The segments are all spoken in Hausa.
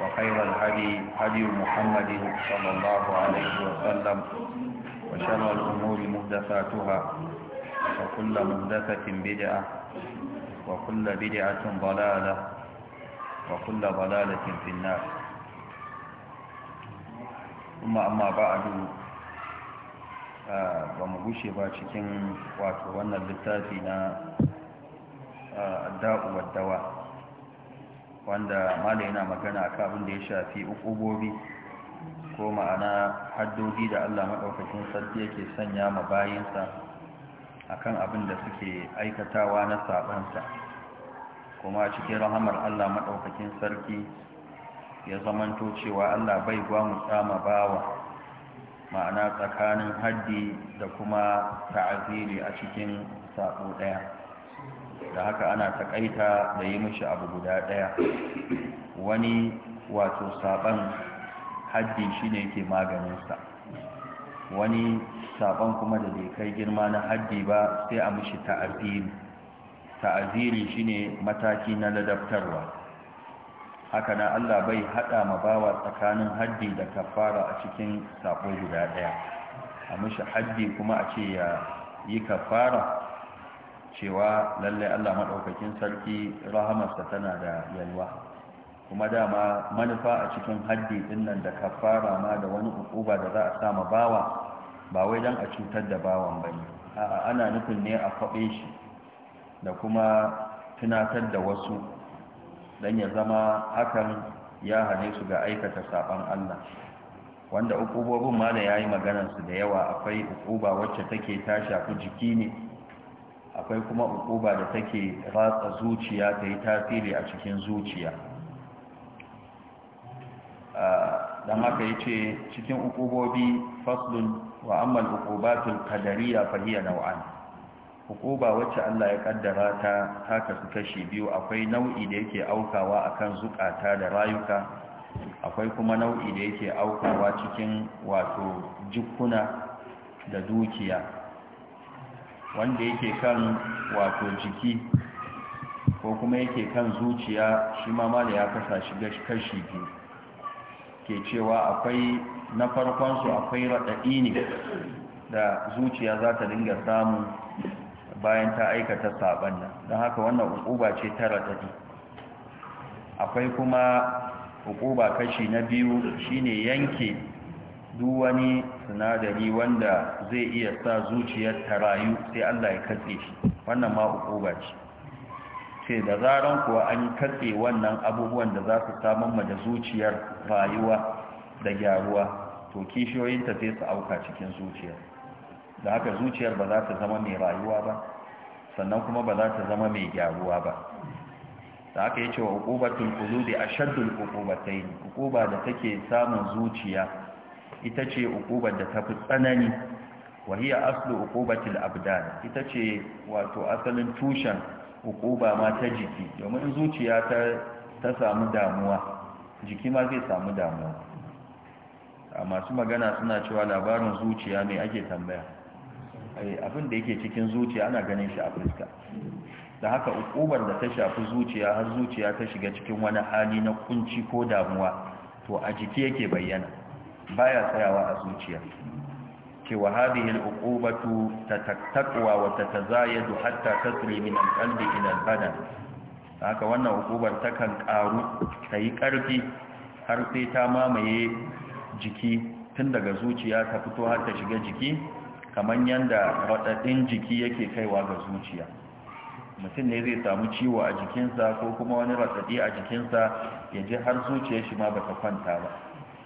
وخير الهدي هدي محمد صلى الله عليه وسلم وشر الأمور مهدفاتها وكل مهدفة بدعة وكل بدعة ضلالة وكل ضلالة في النار ثم أما بعد ba آه، mu واتوانا ba آه، الداء والدواء wanda mala yana magana a abin da ya shafi ukubobi ko ma'ana haddodi da Allah maɗaukacin sarki yake sanya ma bayinsa a kan abin da suke aikatawa na sabansa kuma cikin rahamar Allah maɗaukakin sarki ya zamanto cewa Allah bai gwamu tsama bawa ma'ana tsakanin haddi da kuma ta'aziri a cikin sabo ɗaya da haka ana takaita da yi mishi abu guda daya wani wato saban haddi shine yake maganinsa wani saban kuma da bai kai girma na haddi ba sai a mishi ta'aziri ta'aziri shine mataki na ladabtarwa haka na Allah bai hada ma bawa tsakanin haddi da kafara a cikin sabo guda daya a mishi haddi kuma a ce ya yi kafara cewa lalle Allah madaukakin sarki rahamarsa tana da yalwa kuma dama manufa a cikin haddi din nan da kafara ma da wani ukuba da za a sama bawa ba wai dan a cutar da bawan bane a'a ana nufin ne a kwabe shi da kuma tunatar da wasu dan ya zama hakan ya hane su ga aikata saban Allah wanda ukubobin ma da yayi maganar su da yawa akwai ukuba wacce take ta shafi jiki ne akwai kuma ukuba da take ratsa zuciya ta yi tasiri a cikin zuciya don haka ya ce cikin ukubobi faslun wa amal ukubatul kadariya fahiya nau'an hukuba wacce Allah ya kaddara ta haka su kashi biyu akwai nau'i da yake aukawa akan zukata da rayuka akwai kuma nau'i da yake aukawa cikin wato jikuna da dukiya wanda yake kan wato jiki ko kuma yake kan zuciya shi ma mala ya kasa shiga kashi biyu ke cewa akwai na su akwai raɗaɗi ne da zuciya za ta dinga samu bayan ta aikata saɓan nan don haka wannan hukuba ce ta raɗaɗi akwai kuma hukuba kashi na biyu shine yanke duk wani sinadari wanda zai iya sa zuciyar ta rayu sai Allah ya katse shi wannan ma ukuba ce sai da zaran kuwa an katse wannan abubuwan da za su samun ma da zuciyar rayuwa da gyaruwa to kishiyoyinta sai su auka cikin zuciyar da haka zuciyar ba za ta zama mai rayuwa ba sannan kuma ba za ta zama mai gyaruwa ba da haka yace wa uqubatul qulubi ashaddul uqubatayn uquba da take samun zuciya ita ce ukubar da ta fi tsanani hiya aslu ukubatil abdan ita ce wato asalin tushen ukuba ma ta jiki domin zuciya ta ta samu damuwa jiki ma zai samu damuwa masu magana suna cewa labarin zuciya ne ake tambaya eh, abin da yake cikin zuciya ana ganin shi a fuska da haka uqubar da ta shafi zuciya har zuciya ta shiga cikin wani hali na kunci ko damuwa to a jiki yake bayyana baya tsayawa a zuciya cewa hadhihi al-uqubatu tataktaqwa wa tatazayadu hatta tasri min al-qalbi ila al-badan haka wannan ta kan karu ta yi ƙarfi har sai ta mamaye jiki tun daga zuciya ta fito har ta shiga jiki kamar yadda raɗaɗin jiki yake kaiwa ga zuciya mutum ne zai samu ciwo a jikinsa ko kuma wani raɗaɗi a jikinsa yaje har zuciya shi ma ba kwanta ba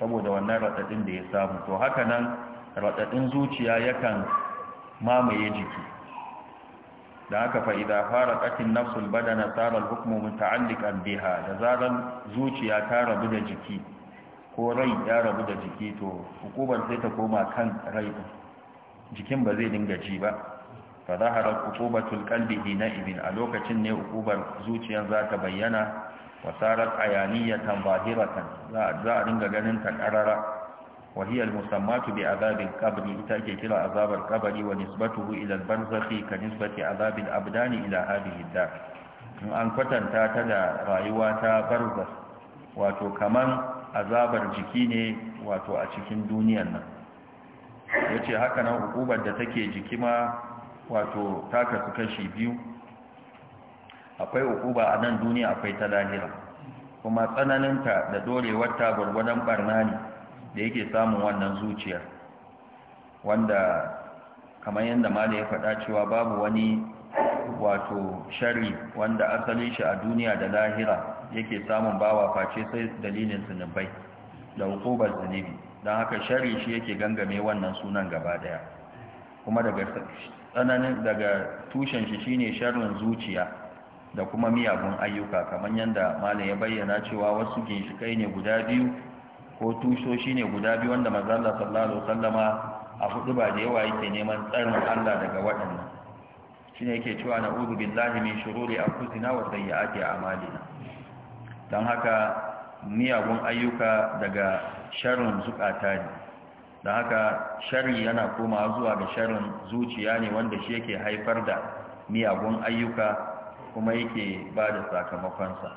saboda wannan raɗaɗin da ya samu to haka nan raɗaɗin zuciya yakan mamaye jiki da haka fa'ida fara ƙatin nafsul na tsarar hukumomin ta'allikan biha da zarar zuciya ta rabu da jiki ko rai ya rabu da jiki to hukumar sai ta koma kan rai jikin ba zai dinga ji ba fa zaharar hukumatul kalbi na ibin a lokacin ne hukumar zuciyar za ta bayyana wasarar ayaniyatan zahiratan za a dinga ganin ta karara وهي المسمات بعذاب القبر تأكل عذاب القبر ونسبته إلى البرزخ كنسبة عذاب الأبدان إلى هذه الدار أن كتن تاتدى رايوات برزخ واتو كمان عذاب الجكيني واتو أتكين دونيا yace haka nan hukubar da take jikima wato taka su kashi biyu akwai ukuba a nan duniya akwai ta lahira kuma tsananinta da dorewarta gwargwadon barna ne da yake samun wannan zuciyar wanda kamar yadda mala ya faɗa cewa babu wani wato shari wanda asalin shi a duniya da lahira yake samun bawa face sai dalilin zunubai da hukubar zunubi don haka shari shi yake gangame wannan sunan gaba daya kuma daga tushen shi shine sharrin zuciya da kuma miyagun ayyuka kamar yadda malam ya bayyana cewa wasu ginshikai ne guda biyu ko tushoshi ne guda biyu wanda mazalla sallallahu alaihi a hudu ba da yawa yake neman tsarin Allah daga waɗannan shi ne yake cewa na'udhu billahi min shururi kusina wa sayyiati a'malina dan haka miyagun ayyuka daga sharin zukata ne dan haka sharri yana komawa zuwa ga sharin zuciya ne wanda shi yake haifar da miyagun ayyuka kuma yake ba da sakamakonsa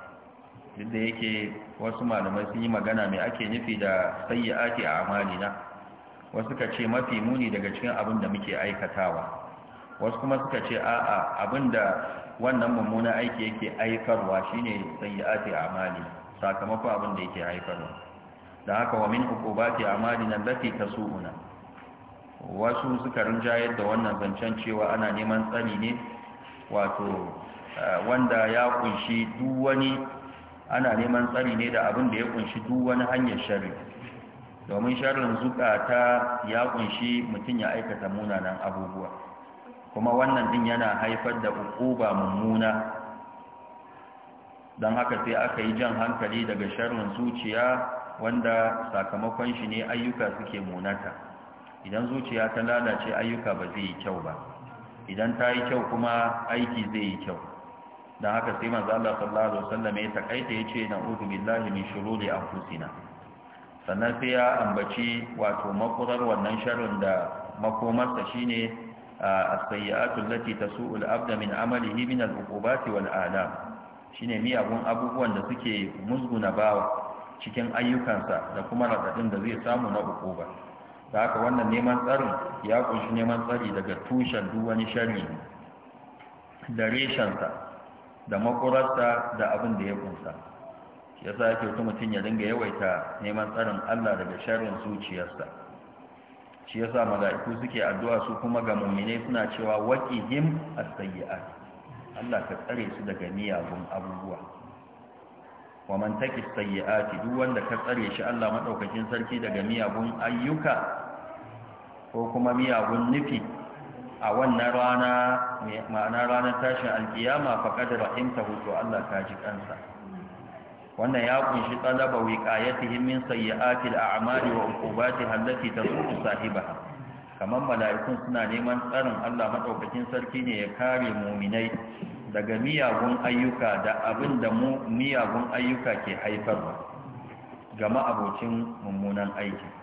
duk da yake wasu malamai sun yi magana mai ake nufi da sayyi'ati a amalina wasu ka ce mafi muni daga cikin abin da muke aikatawa wasu kuma suka ce a'a abin da wannan mummunan aiki yake aikarwa shine sayyi'ati a amali sakamakon abin da yake aikarwa da haka wa min na amalina ta su'una wasu suka rinjayar da wannan zancen cewa ana neman tsani ne wato Eh, wanda ya kunshi duk ana neman tsari ne da abin da ya kunshi duk wani hanyar shari domin sharin zukata ya kunshi mutum ya aikata munanan abubuwa kuma wannan din yana haifar da ukuba mummuna don haka sai aka yi jan hankali daga sharin zuciya wanda sakamakon shi ne ayyuka suke munata idan zuciya ta lalace ayyuka ba zai yi kyau ba idan ta yi kyau kuma aiki zai yi kyau don haka sai manzo Allah sallallahu alaihi wasallam ya takaita yace na'udhu billahi min shururi anfusina sannan sai ya ambaci wato makurar wannan sharrin da makomarsa shine as-sayyi'atu allati tasu'u al-abda min amalihi min al-uqubati wal a'lam shine miyagun abubuwan da suke musguna bawa cikin ayyukansa da kuma radadin da zai samu na uquba da haka wannan neman tsarin ya kunshi neman tsari daga tushen duk wani sharri da reshensa da makurarsa da abin da ya kunsa ya sa yake wata mutum ya dinga yawaita neman tsarin Allah daga sharin zuciyarsa shi sa mala'iku suke addu'a su kuma ga mummine suna cewa him a sayi'a Allah ka tsare su daga miyagun abubuwa wa man take sayi'a sayyiati duk wanda ka tsare shi Allah maɗaukakin sarki daga miyagun ayyuka ko kuma miyagun nufi a wannan rana ma'ana ranar tashin alkiyama kadar rahimta to Allah ka ji kansa wannan ya kunshi talaba wiqayatihim min sayyi'atil a'mali wa uqubatiha allati tasuqu sahibaha kamar mala'ikun suna neman tsarin Allah madaukakin sarki ne ya kare mu'minai daga miyagun ayyuka da abin da mu miyagun ayyuka ke haifarwa ga ma'abocin mummunan aiki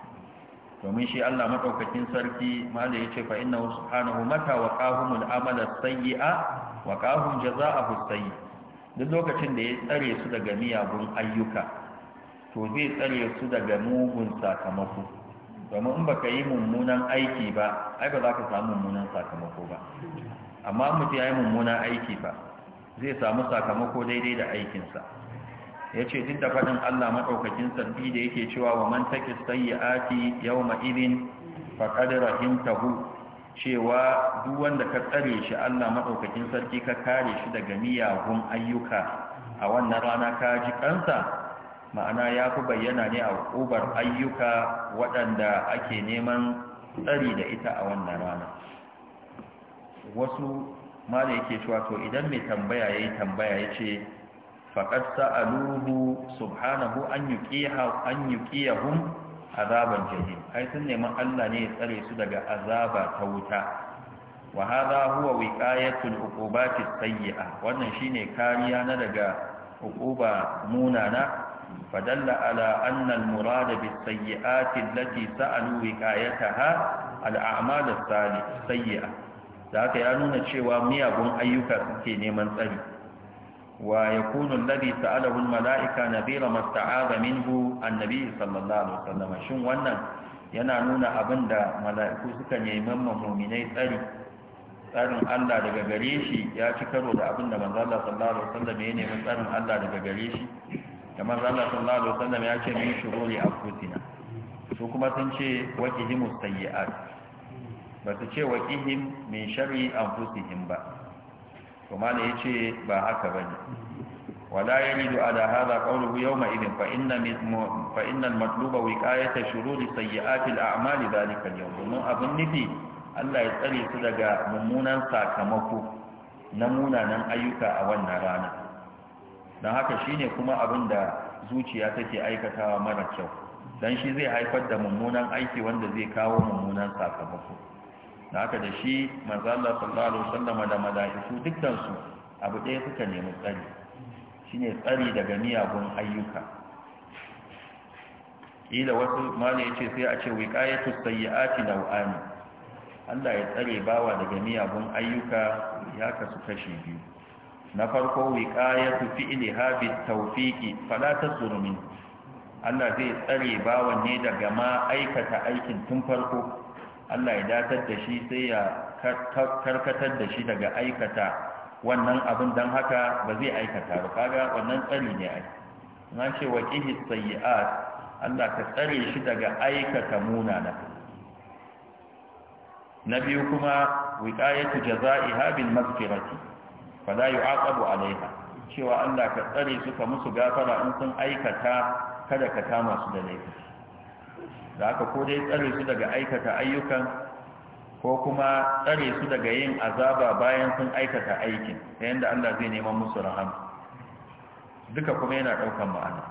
domin shi Allah madaukakin sarki mala yace fa innahu subhanahu mata wa qahumul amala sayyi'a wa qahum jazaahu sayyi duk lokacin da ya tsare su daga miyagun ayyuka to zai tsare su daga mugun sakamako domin in baka yi mummunan aiki ba ai ba za ka samu mummunan sakamako ba amma mutum ya yi mummunan aiki ba zai samu sakamako daidai da aikinsa yace duk da faɗin Allah maɗaukakin sarki da yake cewa wa man take sayyati yawma idin faqad rahimtahu cewa duk wanda ka tsare shi Allah maɗaukakin sarki ka kare shi daga miyagun ayyuka a wannan rana ka ji kansa ma'ana ya fi bayyana ne a ƙubar ayyuka waɗanda ake neman tsari da ita a wannan rana wasu ma da yake cewa to idan mai tambaya ya tambaya ya ce faqad sa'aluhu subhanahu an yi an yuqiyahum jahim ai sun neman Allah ne ya tsare su daga azaba ta wuta wa hadha huwa wiqayatul uqubati sayyi'a wannan shine kariya na daga uquba munana فدل على أن المراد بالسيئات التي سألوا وقايتها الأعمال السيئة ذاك nuna cewa miyagun ayyuka suke neman tsari Wa ويكون الذي سأله الملائكة نذير ما استعاذ منه النبي صلى الله عليه وسلم Shin wannan yana nuna abin da mala'iku suka neman mu'minai tsari tsarin Allah daga gare shi ya ci karo da abin da manzo Allah sallallahu alaihi wasallam ya nemi tsarin Allah daga gare shi kamar Allah sallallahu alaihi wasallam ya ce min a anfusina su kuma sun ce waqihim musayyi'at ba su ce waqihim min sharri anfusihim ba kuma da ya ce ba haka ba ne wala ya ridu a da haza ƙaunuhu yau ma idin fa'inan matluba wikayata shururi sayyatil a'amali zalikan yau domin abin nufi allah ya tsare su daga mummunan sakamako na munanan ayyuka a wannan rana don haka shine kuma abin da zuciya take aikatawa mara kyau don shi zai haifar da mummunan aiki wanda zai kawo mummunan sakamako da haka da shi manzala sallallahu alaihi wasallam da mala'iku dukkan su abu ɗaya suka nemi tsari shine tsari daga miyagun ayyuka kila wasu ya ce sai a ce wiqayatu sayyiati nau'ani Allah ya tsare bawa daga miyagun ayyuka ya kasu kashi biyu na farko wiqayatu fi'liha bitawfiqi fala tasdur min Allah zai tsare bawa ne daga ma aikata aikin tun farko Allah ya datar da shi sai ya karkatar da shi daga aikata wannan abin don haka ba zai aikata ba kaga wannan tsari ne ai na ce wa kihi sayyi'at Allah ka tsare shi daga aikata munana na biyu kuma wiqayatu jazaiha bil maghfirati fala yu'aqabu alaiha cewa Allah ka tsare su ka musu gafara in sun aikata kada ka kama su da laifi da aka ko dai tsare su daga aikata ayyukan ko kuma tsare su daga yin azaba bayan sun aikata aikin ta yadda Allah zai neman musu rahama duka kuma yana ɗaukan ma'ana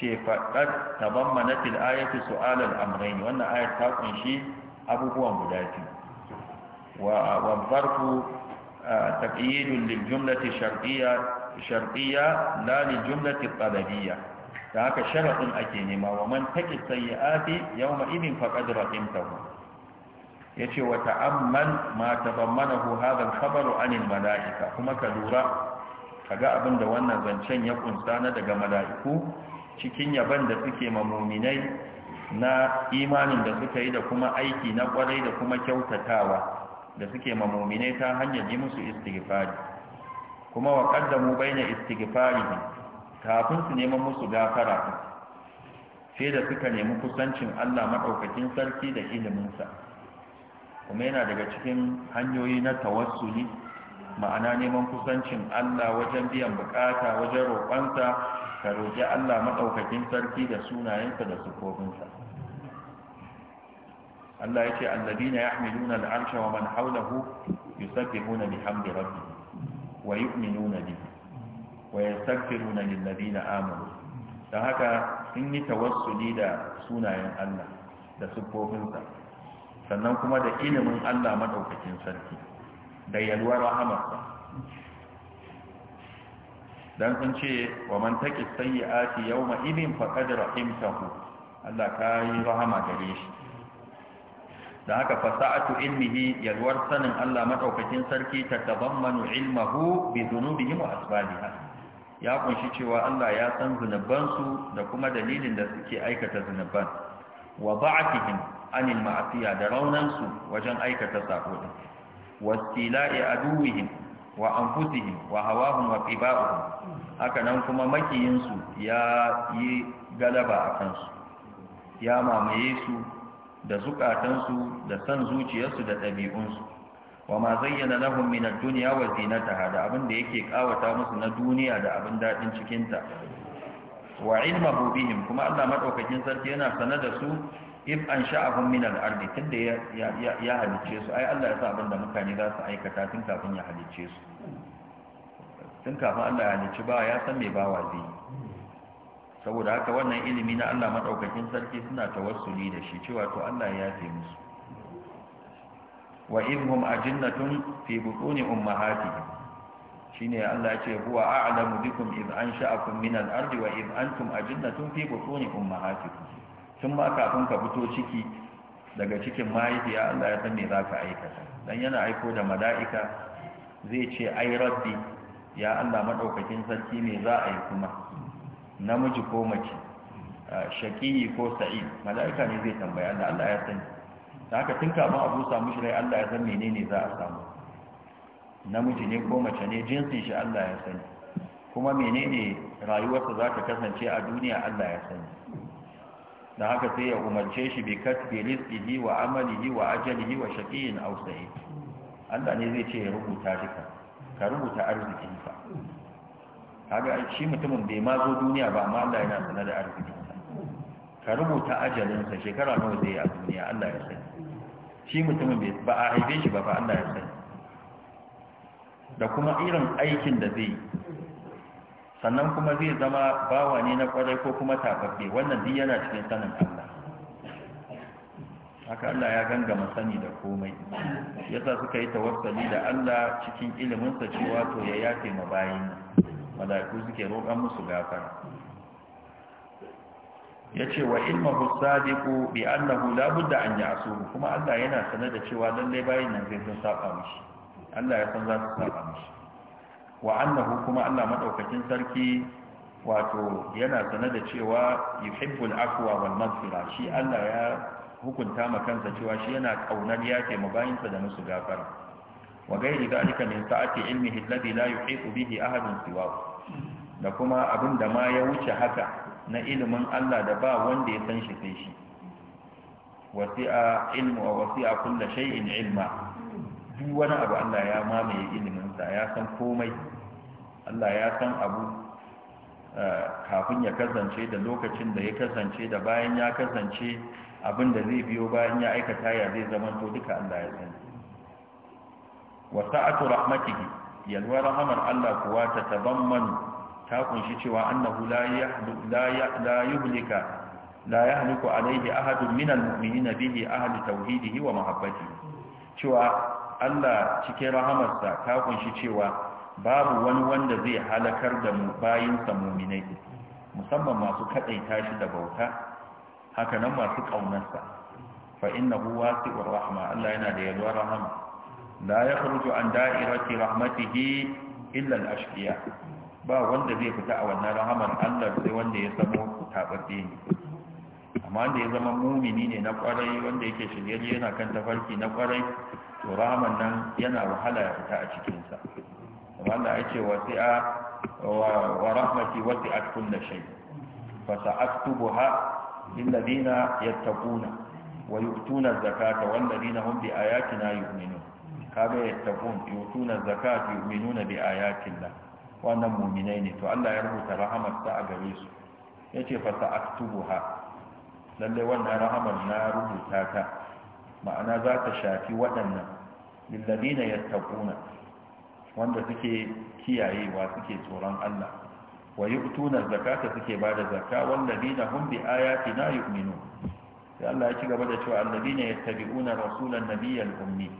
ce faɗaɗ taban manatil ayatu su'alal amrain wannan ayyar ta kunshi abubuwan guda biyu wa wabbarku ta lil jumlati shartiyya shartiyya la jumlati da haka sharaɗin ake nema wa man taƙi sayyi'ati yawma idin faqad Ya ce, wa ta'amman ma ta mana hadha al-khabaru 'anil mala'ika kuma ka lura ga abin da wannan zancen ya ƙunsa na daga mala'iku cikin yaban da suke mamominai na imanin da suka yi da kuma aiki na kwarai da kuma kyautatawa da suke mamominai ta hanyar yi musu istighfari kuma wa qaddamu baina istighfarihi kafin su neman musu gafara sai da suka nemi kusancin Allah maɗaukakin sarki da iliminsa kuma yana daga cikin hanyoyi na tawassuli ma'ana neman kusancin Allah wajen biyan bukata wajen roƙonsa ka roƙi Allah maɗaukakin sarki da sunayensa da sufofinsa Allah ya ce allabina yahmiluna al'arsha wa man hawlahu yusabbihuna bihamdi rabbihim wa yu'minuna bihi wa yastaghfiruna lil ladina amanu dan haka sun yi tawassuli da sunayen Allah da sufofinsa, sannan kuma da ilimin Allah madaukakin sarki da yalwar rahamarsa dan sun ce wa man taqi sayyi'ati yawma idin faqad rahimtahu Allah ka yi rahama gare shi da haka fasa'atu ilmihi yalwar sanin Allah madaukakin sarki ta tabammanu ilmahu bi dhunubihim wa asbabiha ya kunshi cewa Allah ya san zunubansu da kuma dalilin da suke aikata zunuban wa ba'atihim anil ma'asiya da raunansu wajen aikata sako din wa stila'i aduwihim wa anfusihim wa hawahum wa qiba'uhum haka nan kuma makiyinsu ya yi galaba a kansu ya mamaye su da zukatansu da san zuciyarsu da ɗabi'unsu wa ma zayyana lahum min ad-dunya wa zinataha da abin da yake kawata musu na duniya da abin dadin cikin ta wa ilmuhu bihim kuma Allah madaukakin sarki yana sanar da su if an sha'ahum min al-ardi tunda ya ya halice su ai Allah ya sa abin da mutane za su aikata tun kafin ya halice su tun kafin Allah ya halice ba ya san me ba wazi saboda haka wannan ilimi na Allah madaukakin sarki suna tawassuli da shi cewa to Allah ya yafe musu wa idhum ajinnatun fi butuni ummahatihim shine Allah ya ce huwa a'lamu bikum id ansha'akum min al-ardi wa id antum ajinnatun fi butuni ummahatikum tun ma kafin ka fito ciki daga cikin mahaifiya Allah ya san me zaka aikata dan yana aiko da mala'ika zai ce ai rabbi ya Allah madaukakin sarki me za a yi kuma namiji ko mace shaqiyi ko sa'id mala'ika ne zai tambaya Allah Allah ya sani da haka tun kafin a samu shirai Allah ya san menene za a samu namiji ne ko mace ne jinsin shi Allah ya sani kuma menene rayuwarsa za ta kasance a duniya Allah ya sani da haka sai ya umarce shi bi kasbi rizqihi wa amalihi wa ajalihi wa shaqiyin aw sa'id Allah ne zai ce ya rubuta duka ka rubuta ka kaga shi mutumin bai ma zo duniya ba amma Allah yana sanar da arzikinsa ka rubuta ajalinsa shekara nawa zai yi a duniya Allah ya sani shi mutumin ba a haife shi ba ba Allah ya sani da kuma irin aikin da zai sannan kuma zai zama bawa ne na kwarai ko kuma tababbe wannan duk yana cikin sanin Allah haka Allah ya gangama sani da komai yasa suka yi tawassali da Allah cikin iliminsa cewa to ya yafe ma malaiku suke roƙon musu gafara Ya ce, wa ilmuhu sadiku bi annahu la budda an ya'suhu kuma Allah yana sane da cewa lalle bayin nan zai saba mishi Allah ya san za su saba mishi wa annahu kuma Allah madaukakin sarki wato yana sane da cewa yuhibbul afwa wal maghfira shi Allah ya hukunta ma kansa cewa shi yana kaunar yake mabayinsa da musu gafara wa gairi dalika min sa'ati ilmihi alladhi la yuhiqu bihi ahadun siwa da kuma abinda ma ya wuce haka na ilimin Allah da ba wanda ya san shi sai shi wasi'a ilmu wa wasi'a kulli shay'in ilma duk wani abu Allah ya mamaye ilimin sa ya san komai Allah ya san abu eh, kafin ya kasance da lokacin da ya kasance da bayan ya kasance abin da zai biyo bayan ya aikata ya zai zama to duka Allah ya san wasa'atu rahmatihi yalwa rahmar Allah kuwa ta tabammanu ta kunshi cewa annahu la yuhlika la yahliku alaihi ahadun minal mu'minina bihi ahli tauhidihi wa mahabbatihi cewa Allah cikin rahamarsa ta kunshi cewa babu wani wanda zai halakar da mu bayinsa mu'minai musamman masu kadaita shi da bauta haka nan masu kaunarsa fa innahu wasi'ur rahma Allah yana da yalwar rahama la yakhruju an da'irati rahmatihi illa al-ashqiya ba wanda zai fita a wannan rahamar Allah sai wanda ya samu tabbace ne amma wanda ya zama mumini ne na kwarai wanda yake shiryayye yana kan tafarki na kwarai to rahamar nan yana wahala ya fita a cikin sa wanda ce wasi'a wa rahmati wasi'at kulli shay fa sa'aktubuha lil ladina yattaquna wa yu'tuna zakata wal ladina hum bi ayatina yu'minun kaga yattaqun yu'tuna zakata yu'minuna bi ayatillah wannan muminai ne to Allah ya rubuta ta a gare su ya ce fata ha. lallai wannan rahamar na rubuta ta ma'ana za ta shafi waɗannan lillabina yattaquna wanda suke wa suke tsoron Allah wa yu'tuna zakata suke bada zakka wallabina hum bi ayatina yu'minun sai Allah ya ci gaba da cewa allabina yattabi'una rasulan nabiyyal ummi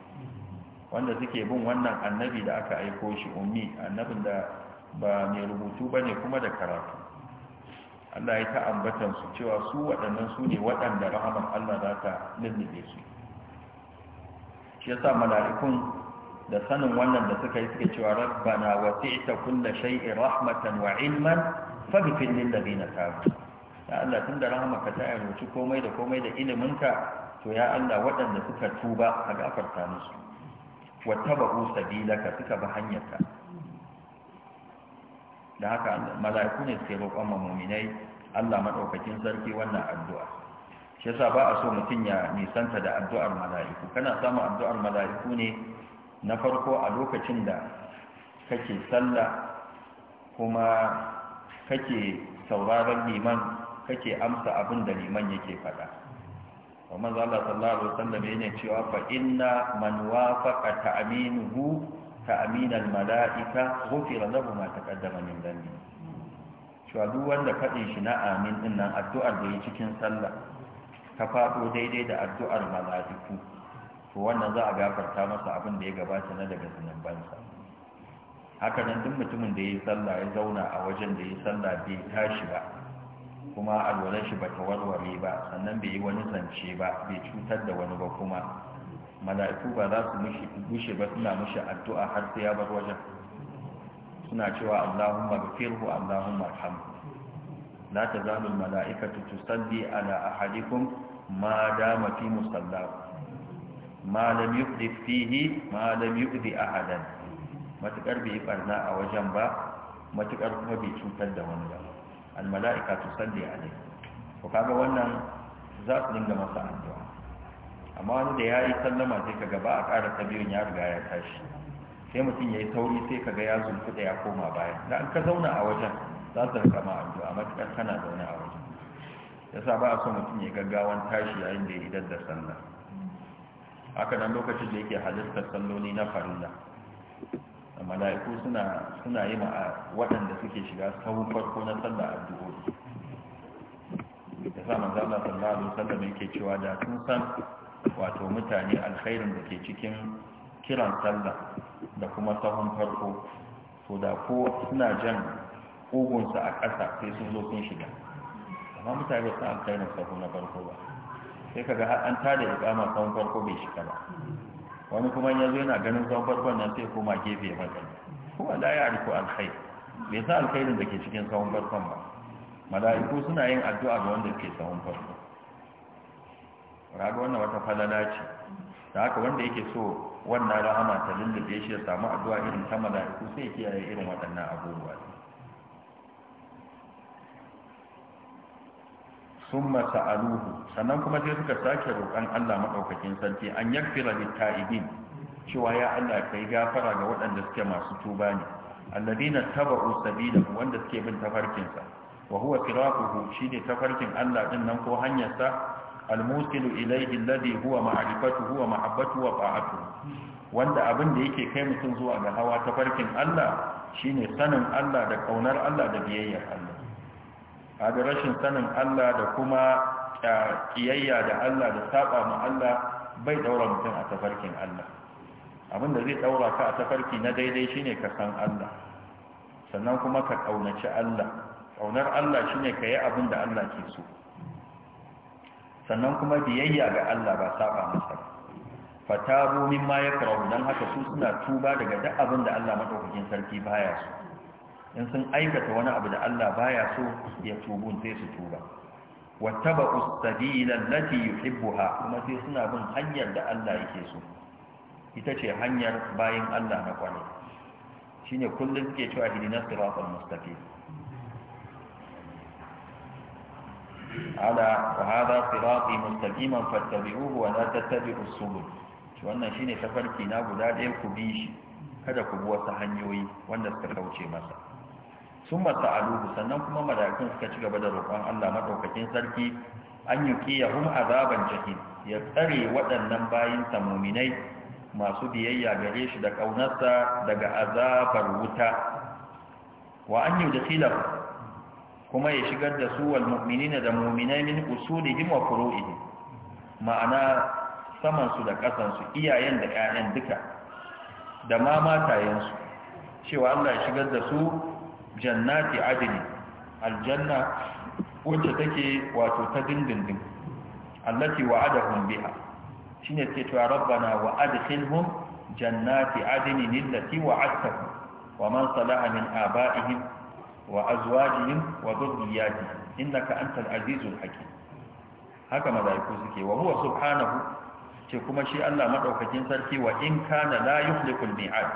wanda suke bin wannan annabi da aka aiko shi ummi annabin da ba mai rubutu ba ne kuma da karatu Allah ya ta ambatan su cewa su waɗannan su ne waɗanda rahamar Allah za ta lullube su shi yasa mala'ikun da sanin wannan da suka yi suke cewa rabbana ta kulla shay'in rahmatan wa ilman fa bi fil ladina tabu ya Allah tunda rahmaka ta yarwaci komai da komai da iliminka to ya Allah waɗanda suka tuba ka gafarta musu wa tabu sabilaka suka bi hanyarka da haka mala'iku ne suke roƙon muminai Allah madaukakin sarki wannan addu'a shi yasa ba a so mutum ya nisanta da addu'ar mala'iku kana samun addu'ar mala'iku ne na farko a lokacin da kake sallah kuma kake sauraron liman kake amsa abin da liman yake faɗa wa manzo Allah sallallahu alaihi wasallam yana cewa fa inna man wafaqa ta'minuhu تأمين الملائكة غفر له ما تقدم من ذنبه cewa duk wanda faɗin shi na amin din nan addu'ar da yi cikin sallah ta faɗo daidai da addu'ar mala'iku to wannan za a gafarta masa abin da ya gabata na daga zunubansa haka nan duk mutumin da ya yi sallah ya zauna a wajen da ya yi sallah bai tashi ba kuma alwalar shi bata warware ba sannan bai yi wani zance ba bai cutar da wani ba kuma mala'iku ba za su gushe ba suna mushi addu'a har sai ya bar wajen suna cewa Allahumma ghfirhu Allahumma ta zanun mala'ika mala'ikatu tusalli ala ahadikum ma dama fi musallahu ma lam yuqdi fihi ma lam yuqdi ahadan matakar bai barna a wajen ba matakar kuma bai cutar da wani ba al mala'ika tusalli alai Ku kaga wannan za su dinga masa addu'a amma wani da ya yi sallama sai ka gaba a ƙara ta ya riga ya tashi sai mutum ya yi sauri sai ka ga ya da ya koma baya da an ka zauna a wajen za su rika ma addu'a matuƙar kana zaune a wajen ya sa ba a so mutum ya gaggawan tashi yayin da ya idar da sallah haka nan lokacin da yake halittar salloli na farilla mala'iku suna suna yi ma waɗanda suke shiga sau farko na sallah addu'o'i da sa manzo Allah sallallahu alaihi wasallam yake cewa da sun san wato mutane alkhairin da ke cikin kiran sallah da kuma sahun farko to da ko suna jan ƙugunsa a ƙasa sai sun zo sun shiga amma mutane ba su alkhairin sahu na farko ba sai kaga har an tada iqama sahun farko bai shiga ba wani kuma ya zo yana ganin sahun farkon nan sai koma gefe ya a huwa la riko alkhair bai sa alkhairin da ke cikin sahun farkon ba mala'iku suna yin addu'a ga wanda ke sahun farko raga wannan wata falala ce da haka wanda yake so wannan rahama ta lullube shi ya samu addu'a irin ta mala'iku sai kiyaye irin waɗannan abubuwa summa aluhu sannan kuma sai suka sake roƙon Allah maɗaukakin sarki an yaghfira lit-ta'ibin cewa ya Allah kai gafara ga waɗanda suke masu tuba ne alladina taba'u sabilahu wanda suke bin tafarkinsa wa huwa firaquhu shine tafarkin Allah din nan ko hanyarsa almusilu ilaihi alladhi huwa ma'rifatuhu huwa mahabbatuhu wa ta'atuhu wanda abin da yake kai mutum zuwa ga hawa ta farkin Allah shine sanin Allah da kaunar Allah da biyayyar Allah kaga rashin sanin Allah da kuma kiyayya da Allah da saba ma Allah bai daura mutum a tafarkin Allah abin da zai daura ka a tafarki na daidai shine ka san Allah sannan kuma ka kaunaci Allah kaunar Allah shine ka yi abin da Allah ke so sannan kuma biyayya ga Allah ba saba masa fatabu mimma yakrahu dan haka su suna tuba daga duk abin da Allah madaukakin sarki baya so in sun aikata wani abu da Allah baya so ya tubun sai su tuba wattaba'u sabila allati yuhibbuha kuma sai suna bin hanyar da Allah yake so ita ce hanyar bayin Allah na kwale shine kullum suke cewa hidinas siratal mustaqim على وهذا صراطي مستقيما wa ولا تتبعوا السبل wannan shine tafarki na guda ɗaya ku bi shi kada ku bi wasu hanyoyi wanda suka kauce masa sun mata'aluhu sannan kuma mala'ikun suka ci gaba da roƙon Allah madaukakin sarki an yuqiyahum azaban jahim ya tsare waɗannan bayin muminai masu biyayya gare shi da ƙaunarsa daga azabar wuta wa an yudkhilahu kuma ya shigar da su wal da mu'minai min usulihim wa furu'ihim ma'ana samansu da kasansu, iyayen da 'ya'yan duka da ma cewa Allah ya shigar da su jannati adni aljanna wacce take wato ta dindindin allati wa'adahum biha shine ce cewa rabbana wa adkhilhum jannati adni allati wa'adtahum wa man salaha min aba'ihim wa azwajihim wa dhurriyyatihim innaka antal azizul hakim haka malaiku suke wa huwa subhanahu ce kuma shi Allah madaukakin sarki wa in kana la mi'ad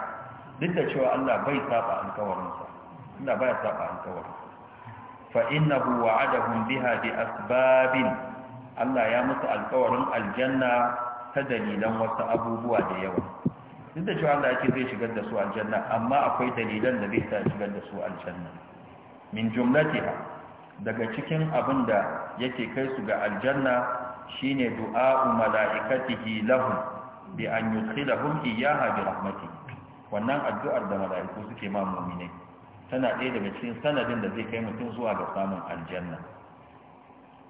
duk da cewa Allah bai saba alkawarinsa Allah baya saba biha bi asbabin Allah ya mutu alkawarin aljanna ta dalilan wasu abubuwa da yawa duk da cewa yake zai shigar da su aljanna amma akwai dalilan da zai shigar da su aljanna min jumlatiha daga cikin abin da yake kai su ga aljanna shine du'a'u mala'ikatihi lahum bi an yudkhilahum iyyaha bi rahmati wannan addu'ar da mala'iku suke ma mu'minai tana ɗaya daga cikin sanadin da zai kai mutum zuwa ga samun aljanna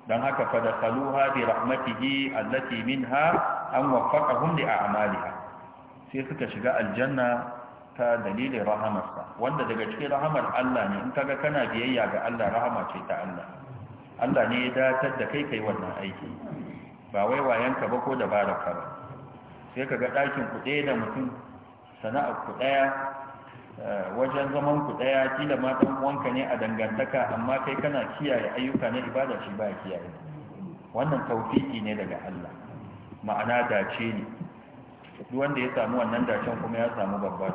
dan haka fa dakhaluha bi rahmatihi allati minha an waffaqahum li a'maliha sai suka shiga aljanna ta dalilin rahamarsa wanda daga cikin rahamar Allah ne in kaga kana biyayya ga Allah rahama ce ta Allah Allah ne ya datar da kai kai wannan aiki ba wai wayanka ba ko dabarar ka ba sai kaga ɗakin ku ɗaya da mutum sana'ar ku ɗaya eh, wajen zaman ku ɗaya kila ma ɗan uwanka ne a dangantaka amma kai kana kiyaye ayyuka na ibada shi ba kiyaye wannan tawfiki ne daga Allah ma'ana dace ne duk wanda ya samu wannan dashen kuma ya samu babbar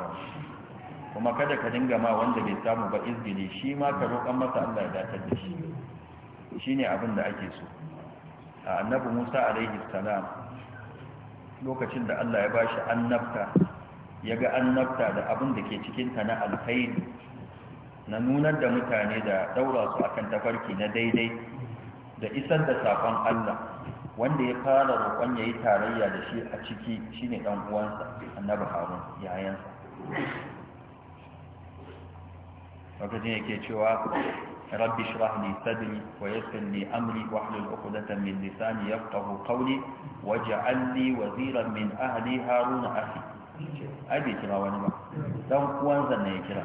kuma kada ka dinga ma wanda bai samu ba izgili shi ma ka roƙon masa Allah ya datar da shi shine abin da ake so a annabi Musa alaihi salam lokacin da Allah ya bashi annabta ya ga annabta da abin da ke cikin ta na alkhairi na nunar da mutane da daura su akan tafarki na daidai da isar da safan Allah wanda ya fara roƙon ya yi tarayya da shi a ciki shine ɗan uwansa annabi harun yayansa lokacin yake cewa rabbi shrah li sadri wa yassir li amri wa hlul 'uqdatan min lisani yafqahu qawli waj'al li waziran min ahli harun akhi ai bai kira wani ba dan uwansa ne ya kira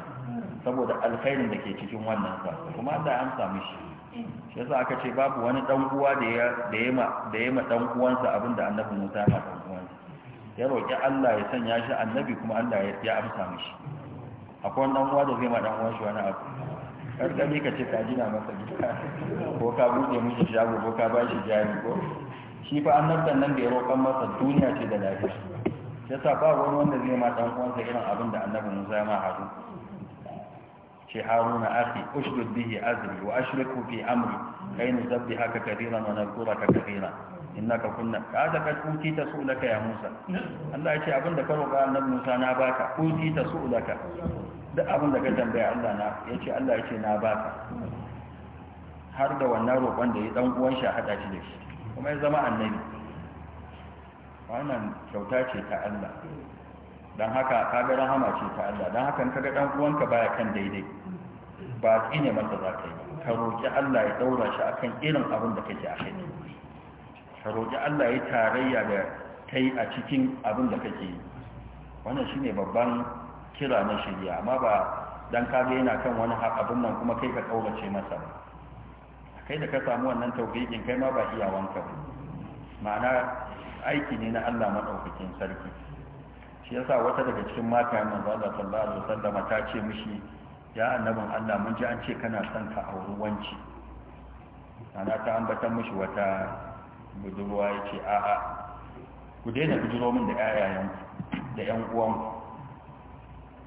saboda alkhairin da ke cikin wannan sa kuma Allah ya amsa mishi shi yasa aka ce babu wani dan uwa da ya da ma da ma dan uwansa abinda annabi Musa ya dan uwansa ya roki Allah ya sanya shi annabi kuma Allah ya ya amsa mishi akwai dan uwa da zai ma dan uwansa wani abu Kar ka ka ce ka gina masa gida ko ka bude mishi shago ko ka bashi jari ko shi fa annabtan nan da ya roƙan masa duniya ce da lafiya Yasa babu wani wanda zai ma dan uwansa irin abin da annabi Musa ya ma haɗu ce haruna akhi ushdud bihi azri wa ashriku fi amri kai ni nusabbihaka kathiran wa nadhkuraka kathiran innaka kunna kaza ka kuti ta su'laka ya Musa Allah ya ce abinda ka roƙa annabi Musa na baka kuti ta su'laka duk abinda ka tambaya Allah na ya ce Allah ya ce na baka har da wannan roƙon da ya dan uwan shi hada shi da shi kuma ya zama annabi wannan kyauta ce ta Allah dan haka kaga rahama ce ta Allah dan haka kaga dan uwanka baya kan daidai ba ne masa za ka yi ka roƙi Allah ya daura shi akan irin abin da kake a kai ka roƙi Allah ya tarayya da kai a cikin abin da kake yi wannan shine babban kira na shirya amma ba dan ka ga yana kan wani abin nan kuma kai ka kaurace masa kai da ka samu wannan tawfiqin kai ma ba iya wanka ba ma'ana aiki ne na Allah madaukakin sarki shi yasa wata daga cikin mata manzo Allah sallallahu alaihi wasallam ta ce mishi ya annabin Allah mun ji an ce kana son ka auri wanci ana ta ambatan mishi wata budurwa ya ce a'a ku daina bujiro min da ayayen da ƴan uwanku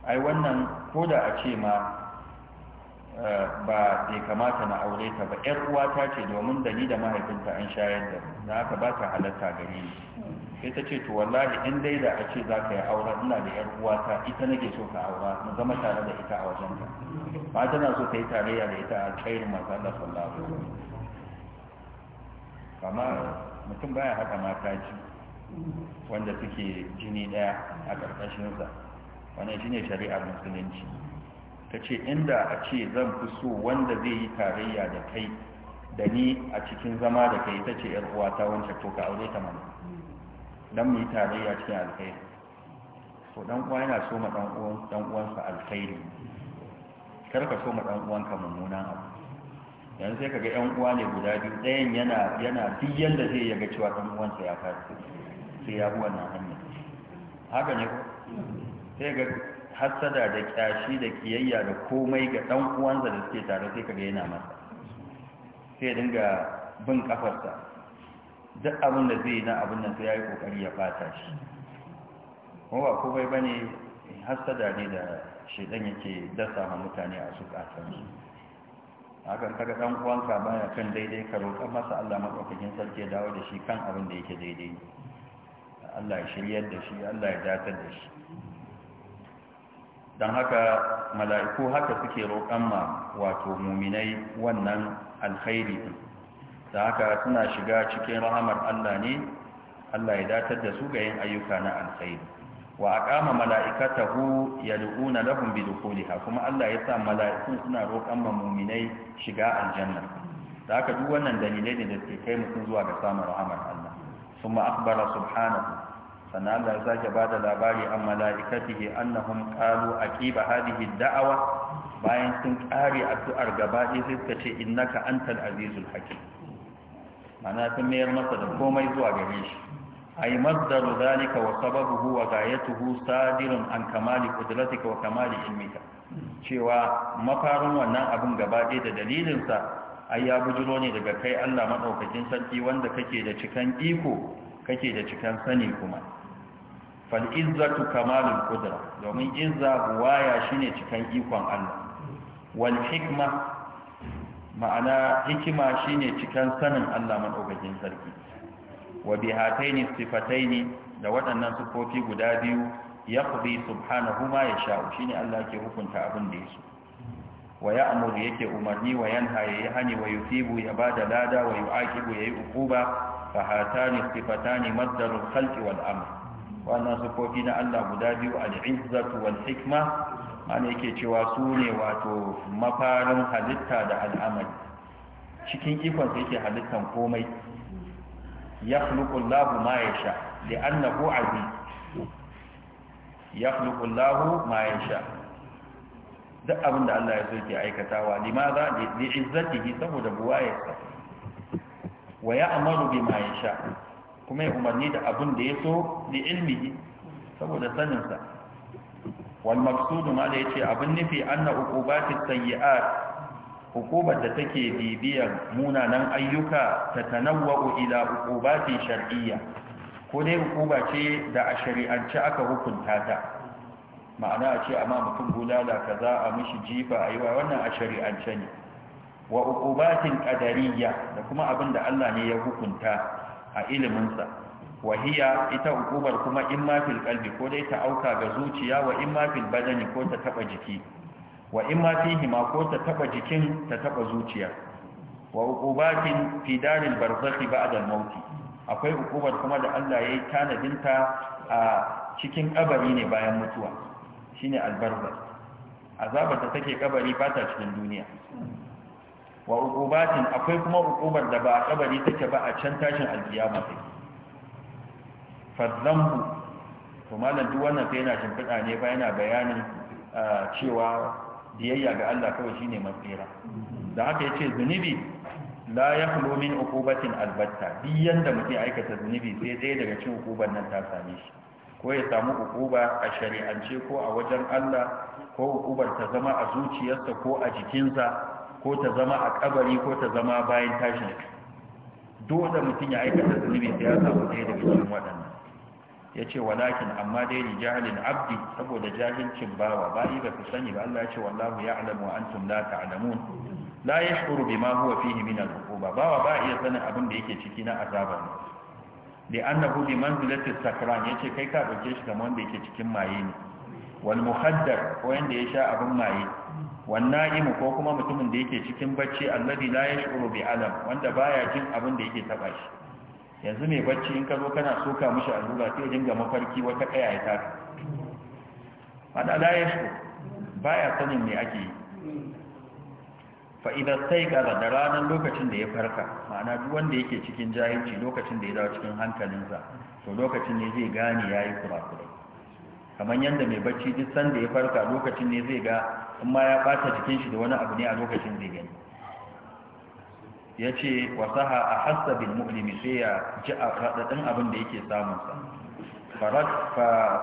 ai wannan koda da a ce ma ba bai kamata na aure ta ba ƴar uwata ce domin da ni da mahaifinta an shayar da Da haka ba ta halatta gare ni sai ta ce to wallahi in dai da a ce za ka yi aure ina da ƴar ta ita nake so ka aura mu zama tare da ita a wajen ta ba tana so ta yi tarayya da ita a alkhairin manzo Allah sallallahu kama mutum baya haɗa mata ji wanda suke jini ɗaya a ƙarƙashinsa wannan shine shari'ar musulunci ta ce inda a ce zan fi so wanda zai yi tarayya da kai da ni a cikin zama da kai ta ce uwata wancan to ka aure ta mana don mu yi tarayya cikin alkhairi to dan uwa yana so ma dan uwansa alkhairi kar ka so ma dan uwanka mummunan abu yanzu sai ka ga yan uwa ne guda biyu ɗayan yana yana duk yanda zai yaga cewa dan uwansa ya fara sai ya bi wannan hanya haka ne ko sai ga hasada da kyashi da kiyayya da komai ga dan uwansa da suke tare sai kaga yana masa sai dinga bin kafarsa duk abin da zai na abin nan sai ya kokari ya fata shi kuma ba komai bane hasada ne da shedan yake dasa ma mutane a zukatansu hakan kaga dan uwanka baya kan daidai ka roƙa masa Allah madaukakin sarki ya dawo da shi kan abin da yake daidai Allah ya shiryar da shi Allah ya datar da shi don haka mala'iku haka suke roƙon ma wato muminai wannan alkhairi din da haka suna shiga cikin rahamar Allah ne Allah ya datar da su ga yin ayyuka na alkhairi wa a mala'ikata mala'ikatahu yad'una lahum bi dukhuliha kuma Allah ya sa mala'ikun suna roƙon ma muminai shiga aljanna da haka duk wannan dalilai ne da suke kai mutum zuwa ga samun rahamar Allah ثم أخبر سبحانه sannan Allah ya sake ba da labari an mala'ikatihi annahum a aqiba hadhihi da'awa bayan sun kare addu'ar gaba ɗaya sai suka ce innaka antal azizul hakim mana sun mayar masa da komai zuwa gare shi ay maddaru zalika wa sababuhu wa ghayatuhu sadirin an kamali qudratika wa kamali ilmika cewa mafarin wannan abin gaba ɗaya da dalilinsa ai ya bujiro ne daga kai Allah madaukakin sarki wanda kake da cikan iko kake da cikan sani kuma fal izzatu kamalul qudra domin izza buwaya shine cikin ikon Allah wal hikma ma'ana hikima shine cikan sanin Allah madaukakin sarki wa bi sifataini da waɗannan sifofi guda biyu yaqdi subhanahu ma Shi shine Allah ke hukunta abin da ya so. wa amuru yake umarni wa yanha yi hani wa yusibu ya ba da lada wa yu'aqibu yayi uquba fa hatani sifatani maddarul khalqi wal amr wannan kofi na Allah guda biyu al-izzatu wal hikma ana yake cewa su ne wato mafarin halitta da al'amari cikin ikon sa yake halittan komai fulukun lahu ma yasha li'annahu aziz yakhluqu Allahu ma sha. duk abin da Allah ya so ke aikatawa limaza li izzatihi saboda buwayarsa wa ya ya'maru bima yasha kuma ya umarni da abin da ya so li ilmihi saboda saninsa wal maqsudu ma da yace abin nufi anna uqubati sayyi'at hukumar da take bibiyar munanan ayyuka ta tanawwa'u ila uqubati shar'iyya ko dai hukuma ce da a shari'ance aka hukunta ta ma'ana a ce amma mutum bulala kaza a mishi jifa a yi wa wannan a shari'ance ne wa uqubatin qadariyya da kuma abin da Allah ne ya hukunta a iliminsa Wahiya ita uqubar kuma in ma fil ko dai ta auka ga zuciya wa in ma badani ko ta taba jiki wa in ma hima ko ta taba jikin ta taba zuciya wa uqubatin fi daril ba ba'da al akwai uqubar kuma da Allah ya yi tanadinta a cikin ƙabari ne bayan mutuwa shine albarza azabar da take kabari ba ta cikin duniya wa uqubatin akwai kuma uqubar da ba kabari take ba a can tashin alkiyama Fa dhanbu to malam duk wannan sai yana shimfiɗa ne ba yana bayanin cewa biyayya ga Allah kawai shine mafira da haka yace zunubi la yakhlu min uqubatin albatta biyan da mutum aikata zunubi sai dai daga cikin uqubar nan ta same shi ko ya samu hukuba a shari'ance ko a wajen Allah ko hukubar ta zama a zuciyarsa ko a jikinsa ko ta zama a kabari ko ta zama bayan tashi dole mutum ya aikata zunubi sai ya samu ɗaya daga cikin waɗannan ya ce walakin amma dai ni jahilin abdi saboda jahilcin bawa bayi ba ku sani ba Allah ya ce wallahu ya'lamu wa antum la ta'lamun la yashuru bima huwa fihi min al-uquba bawa ba iya sanin abin da yake ciki na azaba da annahu bi manzilati sakran yace kai ka dauke shi kamar wanda yake cikin maye ne wal muhaddar ko wanda ya sha abin maye wan na'imu ko kuma mutumin da yake cikin bacci alladhi la yashuru bi alam wanda baya jin abin da yake taba shi yanzu mai bacci in ka zo kana soka mishi azuba sai dinga mafarki wata kaya ya taka ana la yashuru baya sanin me ake yi fa idan sai da ranar lokacin da ya farka ma'ana duk wanda yake cikin jahilci lokacin da ya dawo cikin hankalinsa to lokacin ne zai gane yayi kurakura kamar yadda mai bacci duk sanda ya farka lokacin ne zai ga in ma ya bata jikin shi da wani abu ne a lokacin zai gani ya ce wasaha a bil mu'limi sai ya ji a fadadin abin da yake samunsa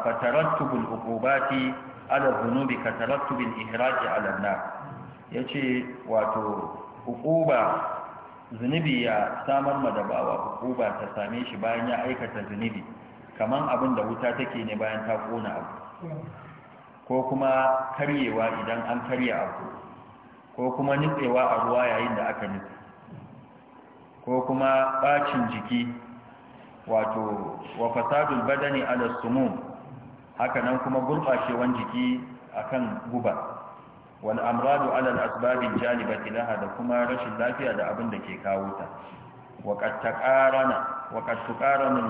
fatarattubul uqubati ala zunubi ka tarattubil ihraji ala nar ya ce wato hukuba zunubi ya samar ma da hukuba ta same shi bayan ya aikata zunubi kamar abin da wuta take ne bayan ta kona abu ko kuma karyewa idan an karya abu ko kuma nitsewa a ruwa yayin da aka nitsa ko kuma bacin jiki wato wa fasadul badani ala sumum haka nan kuma gurɓacewan jiki akan guba Wani amradu ala al asbab laha da kuma rashin lafiya da abin da ke kawo ta wa qad taqarana wa qad tuqaranu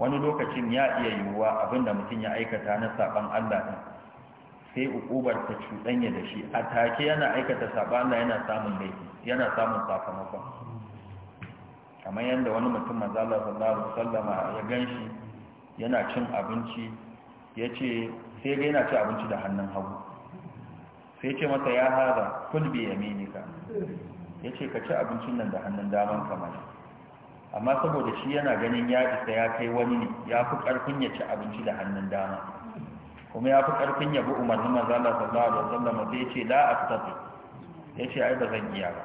wani lokacin ya iya yiwuwa abinda mutum ya aikata na saban Allah din sai ukubar ta cuɗanya da shi a take yana aikata saban Allah yana samun laifi yana samun sakamakon kamar yadda wani mutum manzala sallallahu alaihi wasallam ya ganshi yana cin abinci ya ce. sai ga yana ci abinci da hannun hagu sai ce masa ya haza kul bi yaminika ce, ka ci abincin nan da hannun daman ka mai amma saboda shi yana ganin ya isa ya kai wani ne ya fi karfin ya ci abinci da hannun dama kuma ya fi karfin ya bi umarnin da sallah sallallahu alaihi ce, sai ta la ya ce ai ba zan iya ba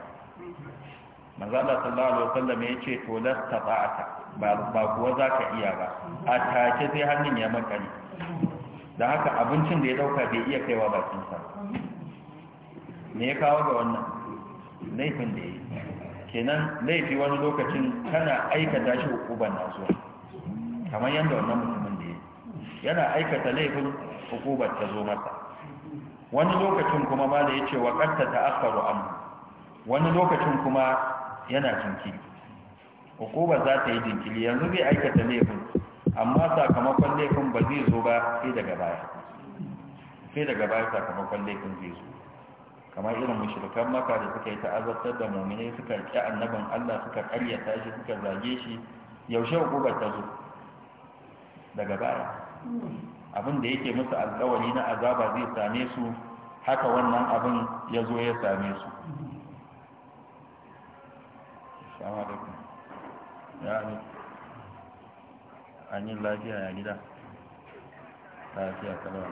manzo da sallallahu alaihi ya ce to ba a ba ba kuwa ka iya ba a take sai hannun ya makare da haka abincin da ya dauka bai iya kaiwa bakinsa me ya kawo ga wannan laifin da ya yi kenan laifi wani lokacin kana aikata shi hukuban nasu kamar yadda wannan mutumin da ya yi yana aikata laifin hukubar ta zo masa wani lokacin kuma ma da ya ce wakarta ta akwaru an wani lokacin kuma yana cinki hukubar za ta yi jinkiri yanzu zai aikata laifin amma sakamakon laifin ba zai zo ba sai daga baya sai daga baya sakamakon laifin zai zo kamar irin mushrikan maka da suka yi ta'azartar da muminai suka ƙi annabin Allah suka ƙaryata shi suka zage shi yaushe hukumar ta zo daga baya abin da yake musu alƙawari na azaba zai same su haka wannan abin ya zo ya same su ya ne an lafiya ya gida lafiya kalawa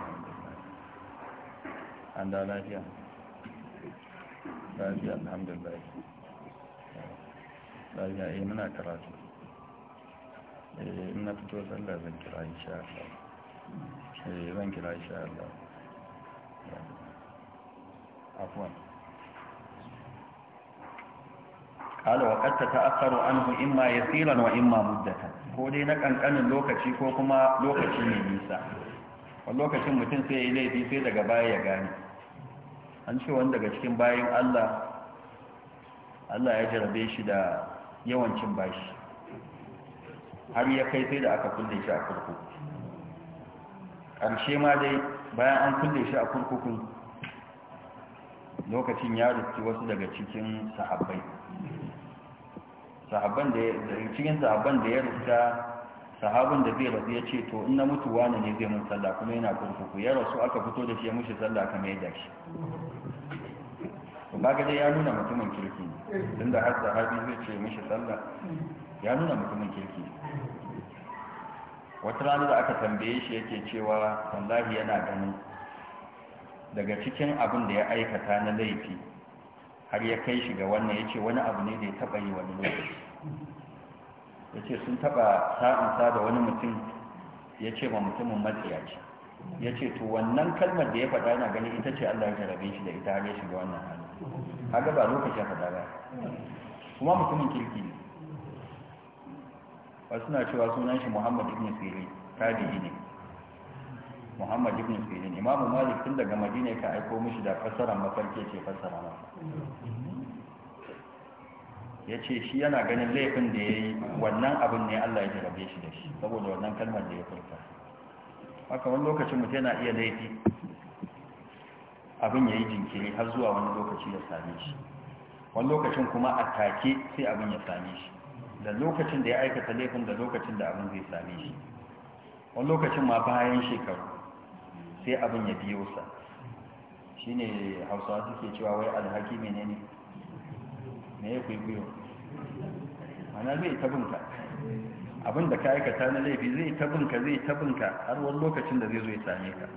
an da lafiya lafiya alhamdulillah lafiya eh muna karatu eh ina fito sallah zan kira insha Allah eh zan kira insha Allah afwan قال وقد تتأخر عنه إما in ma muddata. ko dai na kankanin lokaci ko kuma lokaci mai nisa wani lokacin mutum sai ya laifi sai daga baya ya gane an ce wani daga cikin bayan allah allah ya jarabe shi da yawancin bashi har ya kai sai da aka kulle shi a kurkuku Karshe ma dai bayan an kulle shi a kurkuku, lokacin ya rufi wasu daga cikin sahabbai sahabban da cikin sahabban da ya rubuta sahabin da zai rasu ya ce to ina mutuwa mutu wani ne zai mun sallah kuma yana kurkuku ya rasu aka fito da shi ya mushi sallah kama ya shi ba ga dai ya nuna mutumin kirki ne tun da har sahabi zai ce mushi sallah ya nuna mutumin kirki wata rana da aka tambaye shi yake cewa wallahi yana ganin daga cikin abin da ya aikata na laifi har ya kai shi ga wannan ya ce wani abu ne da ya taɓa yi wani lokaci ya ce sun taɓa sa'insa da wani mutum ya ce ma mutumin matsiyaci ya ce to wannan kalmar da ya faɗa yana gani ita ce allah ya jarabe shi da ita har ya shiga wannan hali haka ba lokacin faɗa ba kuma mutumin kirki ne wasu na cewa sunan shi muhammad ibn sirin tabi'i ne muhammad ibn sirin imamu malik tun daga madina ka aiko mishi da fassara mafarki ce fassara masa ya ce shi yana ganin laifin da ya yi wannan abin ne allah ya jarabe shi da shi saboda wannan kalmar da ya furta haka wani lokacin mutum yana iya laifi abin ya yi jinkiri har zuwa wani lokaci ya same shi wani lokacin kuma a take sai abin ya same shi da lokacin da ya aikata laifin da lokacin da abin zai same shi wani lokacin ma bayan shekaru sai abin ya biyo sa shine hausawa suke cewa wai alhaki menene me ya kwaikwayo mana zai tabinka abin da ka aikata na laifi zai tabinka zai tabinka har wani lokacin da zai zo ya same ka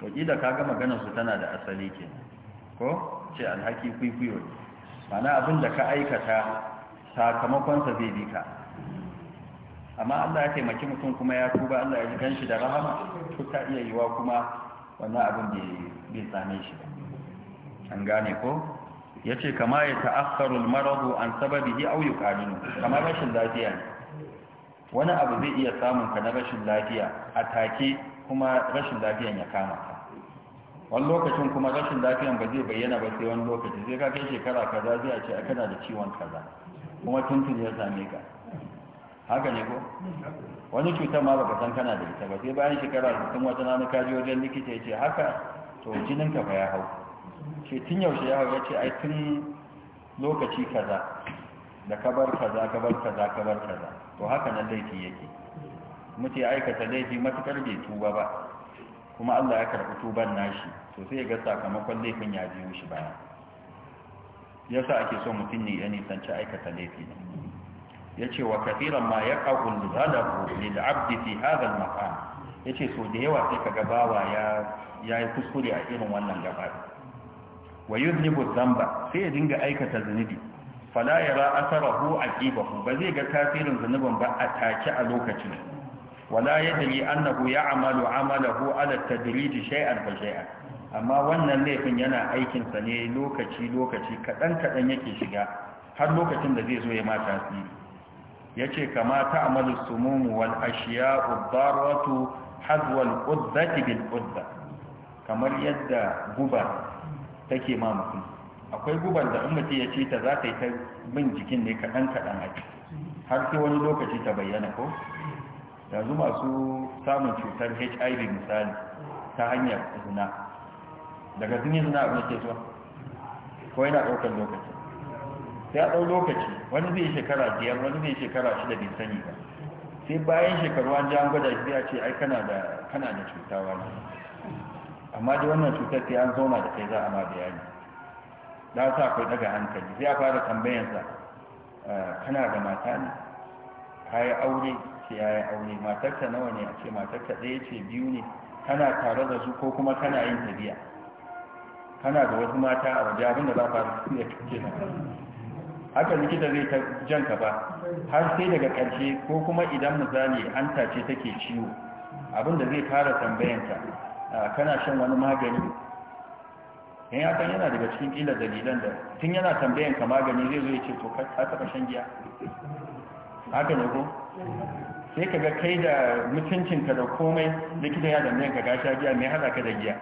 to da ka ga maganarsu tana da asali ke ko ce alhaki kwaikwayo ne mana abin da ka aikata sakamakonsa zai bi ka amma allah ya taimaki mutum kuma ya tuba allah ya ji ganshi da rahama to ta iya yiwa kuma wannan abin da bai same shi ba an gane ko ya ce kama ya ta'akkaru maradu an sababihi au yuqalinu Kama rashin lafiya ne. wani abu zai iya samun ka na rashin lafiya a take kuma rashin lafiyan ya kama ka wani lokacin kuma rashin lafiyan ba zai bayyana ba sai wani lokaci sai ka kai shekara kaza zai a ce a kana da ciwon kaza kuma tuntun ya same ka haka ne ko wani cutar ma baka san kana da ita ba sai bayan shekara tun wata rana ka wajen likita ya ce haka to ka fa ya hau ce tun yaushe ya hau ya ce ai tun lokaci kaza da kabar kaza kabar kaza kabar kaza to haka nan laifi yake ya aikata laifi matukar bai tuba ba kuma Allah ya karɓi tuban nashi to sai ga sakamakon laifin ya biyo shi baya yasa ake so mutum ne ya nisanci aikata laifi ne yace wa kathiran ma yaqa'u al-ghalabu lil 'abdi fi hadha al ya yace so da yawa sai kaga bawa ya yi kuskure a irin wannan gaba wa yuznibu dhanba sai ya dinga aikata zunubi fala yara ƙiba ku ba zai ga tasirin zunubin ba a take a lokacin wala yadri annahu ya'malu 'amalahu 'ala at shaia shay'an fa shay'an amma wannan laifin yana aikin sa ne lokaci lokaci kadan kadan yake shiga har lokacin da zai zo ya ma tasiri yace kama ta'malu sumum wal ashiya'u darwatu hazwa hazwal, quddati bil qudda kamar yadda guba take ma mutum akwai guban da in mutum ya ce ta za ta yi ta bin jikin ne kaɗan kaɗan a har sai wani lokaci ta bayyana ko yanzu masu samun cutar hiv misali ta hanyar zina daga sun yi zina abin ke zuwa ko yana ɗaukar lokaci sai a ɗau lokaci wani zai shekara biyar wani zai shekara shida bai sani ba sai bayan shekaru an ji an gwada shi a ce ai kana da da cuta wani amma da wannan cutar sai an zauna da kai za a ma bayani da sa akwai daga hankali sai a fara tambayansa eh, kana da mata ne yi aure ce ya yi aure matarka nawa ne a ce matarka ɗaya ce biyu ne kana tare da su ko kuma kana yin tafiya kana da wasu mata a waje abinda za ka ya kake na haka likita zai ta jan ka ba har sai daga ƙarshe ko kuma idan misali an tace take ciwo abinda zai fara tambayanta kana shan wani magani in eh, hakan yana daga cikin ƙila dalilan da tun yana tambayan ka magani zai zo ya ce to ka taɓa shan giya haka ne ko sai ka ga kai da mutuncinka da komai likita ya da ka gasha giya mai haɗa ka da giya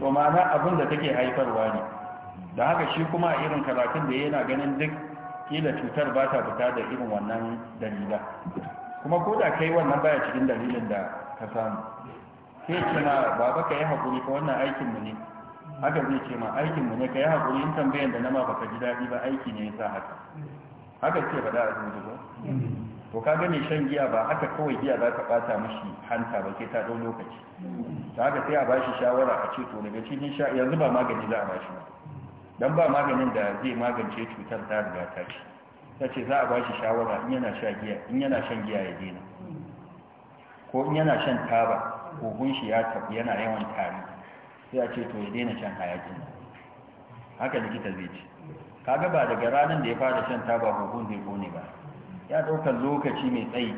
to ma'ana abin da take haifarwa ne da haka shi kuma a irin karatun da yana ganin duk kila cutar ba ta fita da irin wannan dalila kuma ko da kai wannan baya cikin dalilin da ka samu sai tuna baba ka yi haƙuri ka wannan aikin mu ne haka zai ce ma aikin mu ne ka yi haƙuri in tambayan da na ma baka ji daɗi ba aiki ne ya sa haka haka ce faɗa a zuwa ba to ka gane shan giya ba haka kawai giya za ka ɓata mashi hanta ba ke ta ɗau lokaci ta haka sai a bashi shawara a ce to daga cikin sha yanzu ba magani za a bashi ba dan ba maganin da zai magance cutar ta riga ta ce ta ce za a ba shi shawara in yana sha yana shan giya ya daina ko in yana shan taba kogun shi ya tabi yana yawan tari sai a ce to ya daina shan hayakin haka likita zai ce kaga ba daga ranar da ya fara shan taba kogun zai kone ba ya ɗaukar lokaci mai tsayi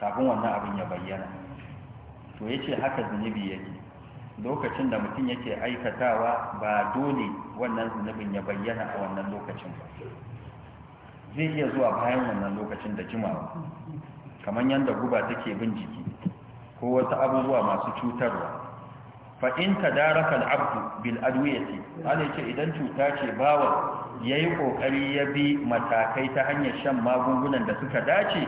kafin wannan abin ya bayyana to ya ce haka zunubi yake lokacin da mutum yake aikatawa ba dole wannan zunubin ya bayyana a wannan lokacin ba zai iya zuwa bayan wannan lokacin da jimawa kamar yadda guba take bin jiki ko wasu abubuwa masu cutarwa fa'in ta daraka al'abdu bil adwiyati ala ce idan cuta ce bawa ya yi ƙoƙari ya bi matakai ta hanyar shan magungunan da suka dace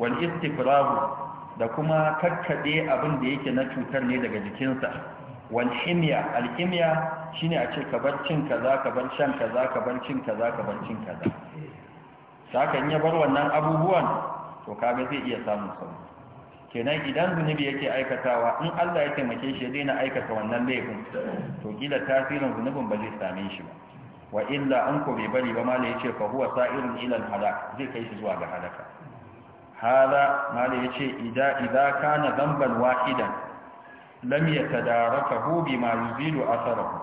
wal istifragu da kuma kakkaɗe abin da yake na cutar ne daga jikinsa al alhimiya shine a ce ka bar cin kaza ka bar shan kaza ka bar cin kaza ka bar cin kaza saka in ya bar wannan abubuwan to kaga zai iya samun sauki kenan idan zunubi yake aikatawa in Allah ya taimake shi ya daina aikata wannan laifin to gila tasirin zunubin ba zai same shi ba wa illa an ko bai bari ba mala yace fa huwa sa'irun ila al-halak zai kai shi zuwa ga halaka hada mali ce, idan idza kana zamban wahidan lam yatadarakahu bima yuzilu atharahu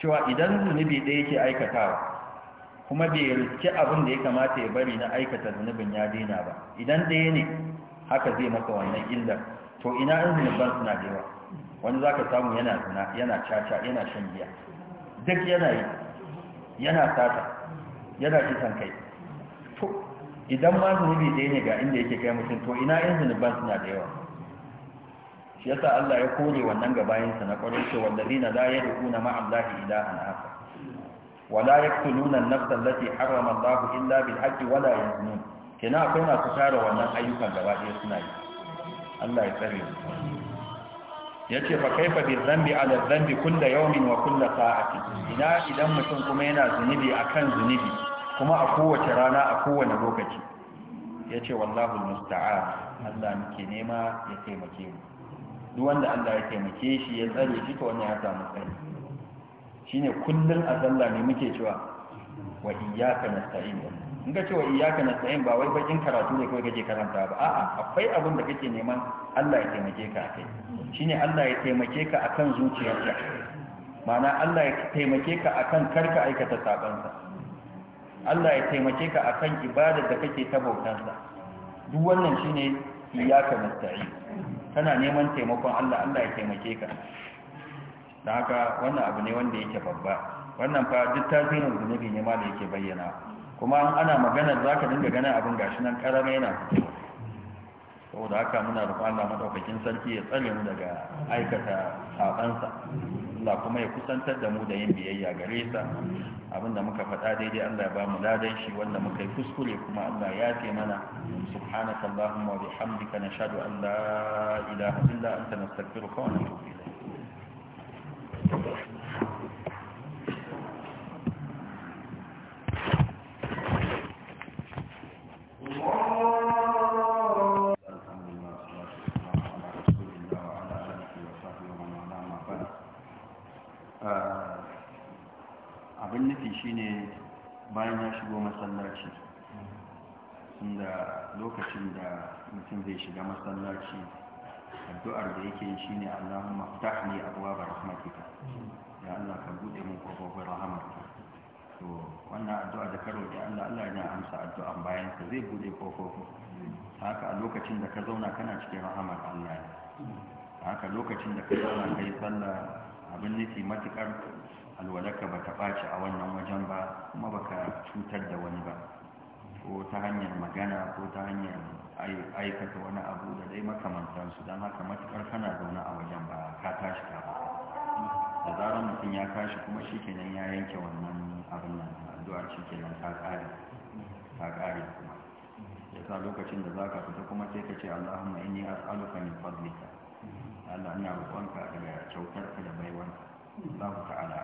cewa idan zunubi da yake aikatawa kuma bai riske abin da ya kamata ya bari na aikata zunubin ya daina ba idan ɗaya ne haka zai maka wannan illar to ina in zunuban suna da yawa wani za ka samu yana zina yana caca yana shan giya duk yana yi yana sata yana kisan kai idan ma zunubi ɗaya ne ga inda yake kai mutum to ina in zunuban suna da yawa shi yasa Allah ya kore wannan ga bayansa na kwarin ce wallazina la na ma'a Allahi ilahan haka. Wala ya fi an-nafsa allati harrama Allahu illa bil haqqi wa la yaznun kina akwai masu tara wannan ayyukan gaba ɗaya suna yi Allah ya tsare mu ce fa kaifa bil dhanbi ala dhanbi kullu yawmin wa kullu sa'atin ina idan mutum kuma yana zunubi akan zunubi kuma a kowace rana a kowane lokaci ya ce wallahu musta'a Allah muke nema ya taimake mu duk wanda Allah ya taimake shi ya tsare shi to wannan ya samu tsari shine kullun a sallah ne muke cewa wa iyyaka nasta'in in ka ce wa iyyaka nasta'in ba wai bakin karatu ne kawai kake karanta ba a'a akwai abin da kake neman Allah ya taimake ka akai shine Allah ya taimake ka akan zuciyarka ma'ana Allah ya taimake ka akan karka aikata sabansa Allah ya taimake ka a kan ibadar da kake ta bautansa duk wannan shine iyyaka nasta'in Tana neman taimakon Allah Allah ya taimake ka dan haka wannan abu ne wanda yake babba wannan fa duk tasirin zunubi ne ma da yake bayyana kuma ana magana ka dinga ganin abin gashi nan karama yana fitowa saboda haka muna da Allah madaukakin sarki ya tsare mu daga aikata sabansa Allah kuma ya kusantar da mu da yin biyayya gare sa abinda muka faɗa daidai Allah ya ba mu ladan shi wanda muka yi kuskure kuma Allah ya ce mana subhanaka allahumma wa bihamdika nashhadu an la ilaha illa anta nastaghfiruka wa natubu ilayk Oh Ah, abin nufi ne bayan ya shigo masallaci inda lokacin da mutum zai shiga masallaci addu'ar da yake ne Allahumma ftah abuwa abwaaba rahmatika ya Allah ka bude mu kofofin rahmatika to wannan addu'a da karo da Allah Allah ya amsa addu'an bayan ka zai bude kofofin haka a lokacin da ka zauna kana cikin rahamar Allah haka lokacin da ka zauna ka yi sallah abin nufi matuƙar alwalaka ba ta ɓaci a wannan wajen ba kuma ba ka cutar da wani ba ko ta hanyar magana ko ta hanyar aikata wani abu da dai makamantansu don haka matuƙar kana zaune a wajen ba ka tashi ka ba da zarar mutum ya tashi kuma shi kenan ya yanke wannan abin nan addu'ar shi kenan ta ƙare ta ƙare kuma ya sa lokacin da za ka fita kuma sai ka ce allahumma inni as'aluka min fadlika Allah ina roƙonka daga kyautarka da baiwan Allah ta'ala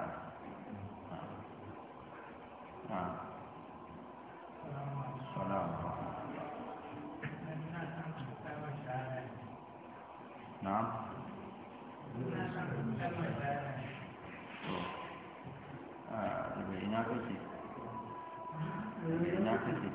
Salamu Na'am Daga ina kake? Daga ina kake?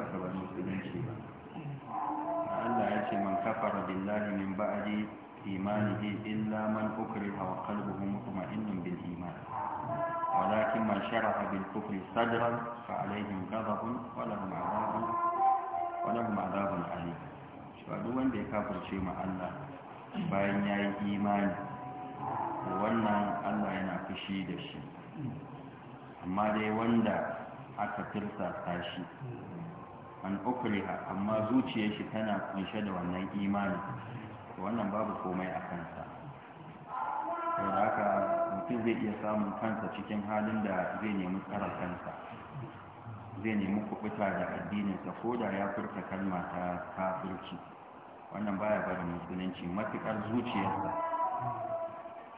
haka ba musulunci ba Allah ya ce man kafara billahi min ba'di imanihi illa man ukriha wa qalbuhu mutma'innun bil iman walakin man sharaha bil kufri sadran fa alaihim ghadabun wa lahum 'adabun wa lahum 'adabun 'alim shi duk wanda ya kafirce ma Allah bayan yayi imani wannan Allah yana fushi da shi amma dai wanda aka tirsa shi an ukriha amma zuciyar shi tana kunshe da wannan imani wannan babu komai a kansa da haka mutum zai iya samun kansa cikin halin da zai nemi tsara kansa zai nemi kubuta da addininsa ko da ya furta kalma ta kafirci wannan baya barin musulunci matukar zuciyarsa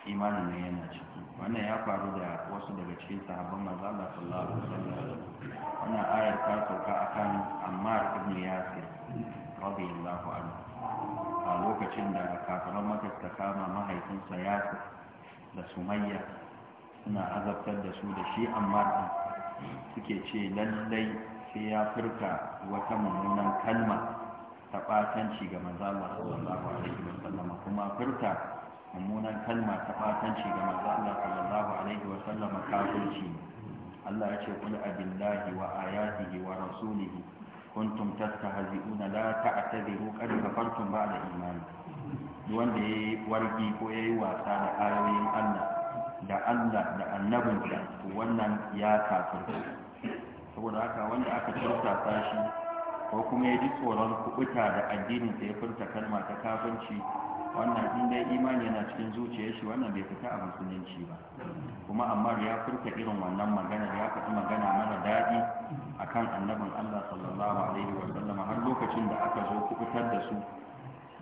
imanin ne yana ciki wannan ya faru da wasu daga cikin sahabban manzo Allah sallallahu alaihi wasallam wannan ayar ta sauka akan ammar ibn yasir radiyallahu anhu a lokacin da kafiran maka kama mahaifinsa yasir da sumayya suna azabtar da su da shi ammar din suke ce lallai sai ya furta wata mummunan kalma ta ɓatanci ga manzo Allah sallallahu alaihi wasallam kuma furta mummunan kalma ta ɓatanci ga manzo Allah sallallahu alaihi wasallam kafirci ne Allah ya ce kul abillahi wa ayatihi wa rasulihi kuntum tattahzi'una la ta'tadiru qad kafartum ba'da imani duk wanda yayi wargi ko yayi wasa da ayoyin Allah da Allah da annabinsa to wannan ya kafirta saboda haka wanda aka turta shi ko kuma ya ji tsoron kubuta da addinin sa ya furta kalma ta kafirci wannan in dai imani yana cikin zuciyar shi wannan bai fita a musulunci ba kuma ammar ya furta irin wannan magana ya faɗi magana mara daɗi a kan annabin Allah sallallahu alaihi wa sallam har lokacin da aka zo kubutar da su